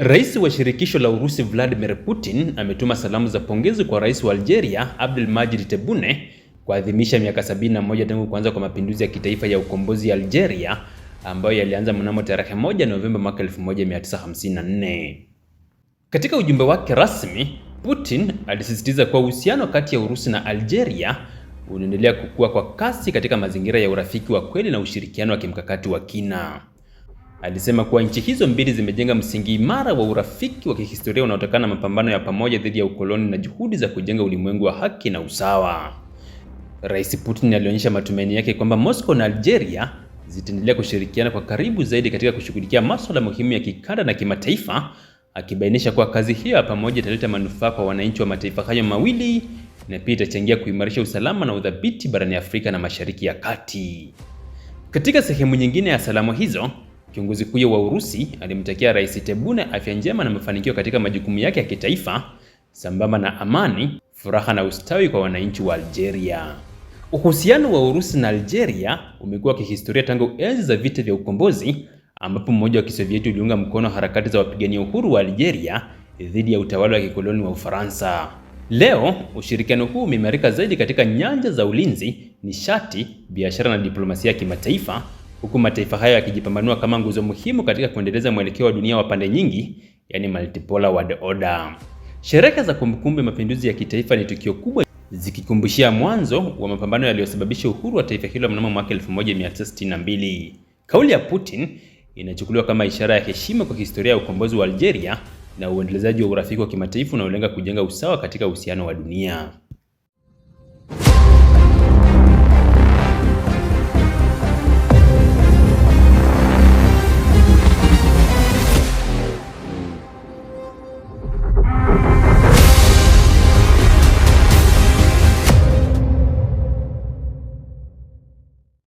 Rais wa shirikisho la Urusi Vladimir Putin ametuma salamu za pongezi kwa Rais wa Algeria Abdelmadjid Tebboune kuadhimisha miaka 71 tangu kuanza kwa mapinduzi ya kitaifa ya ukombozi ya Algeria ambayo yalianza mnamo tarehe 1 Novemba mwaka 1954. Katika ujumbe wake rasmi, Putin alisisitiza kuwa uhusiano kati ya Urusi na Algeria unaendelea kukua kwa kasi katika mazingira ya urafiki wa kweli na ushirikiano wa kimkakati wa kina. Alisema kuwa nchi hizo mbili zimejenga msingi imara wa urafiki wa kihistoria unaotokana na mapambano ya pamoja dhidi ya ukoloni na juhudi za kujenga ulimwengu wa haki na usawa. Rais Putin alionyesha matumaini yake kwamba Moscow na Algeria zitaendelea kushirikiana kwa karibu zaidi katika kushughulikia masuala muhimu ya kikanda na kimataifa, akibainisha kuwa kazi hiyo ya pamoja italeta manufaa kwa wananchi wa mataifa hayo mawili na pia itachangia kuimarisha usalama na udhabiti barani Afrika na Mashariki ya Kati. Katika sehemu nyingine ya salamu hizo Kiongozi huyo wa Urusi alimtakia Rais Tebune afya njema na mafanikio katika majukumu yake ya kitaifa sambamba na amani, furaha na ustawi kwa wananchi wa Algeria. Uhusiano wa Urusi na Algeria umekuwa kihistoria tangu enzi za vita vya ukombozi ambapo mmoja wa Kisovieti uliunga mkono harakati za wapigania uhuru wa Algeria dhidi ya utawala wa kikoloni wa Ufaransa. Leo ushirikiano huu umeimarika zaidi katika nyanja za ulinzi, nishati, biashara na diplomasia ya kimataifa huku mataifa hayo yakijipambanua kama nguzo muhimu katika kuendeleza mwelekeo wa dunia wa pande nyingi, yani multipolar world order. Sherehe za kumbukumbu ya mapinduzi ya kitaifa ni tukio kubwa zikikumbushia mwanzo wa mapambano yaliyosababisha uhuru wa taifa hilo mnamo mwaka 1962. Kauli ya Putin inachukuliwa kama ishara ya heshima kwa historia ya ukombozi wa Algeria na uendelezaji wa urafiki wa kimataifa unaolenga kujenga usawa katika uhusiano wa dunia.